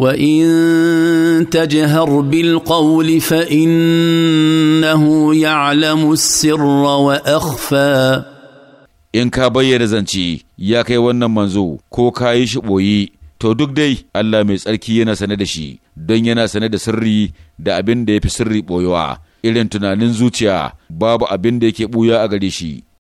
وان تجهر بالقول فانه يعلم السر واخفى in ka bayyana zance ya kai wannan manzo ko ka yi shi ɓoyi to duk dai Allah mai tsarki yana sane da shi don yana sane da sirri da abin da ya fi sirri ɓoyewa irin tunanin zuciya babu abin da yake ɓuya a gare shi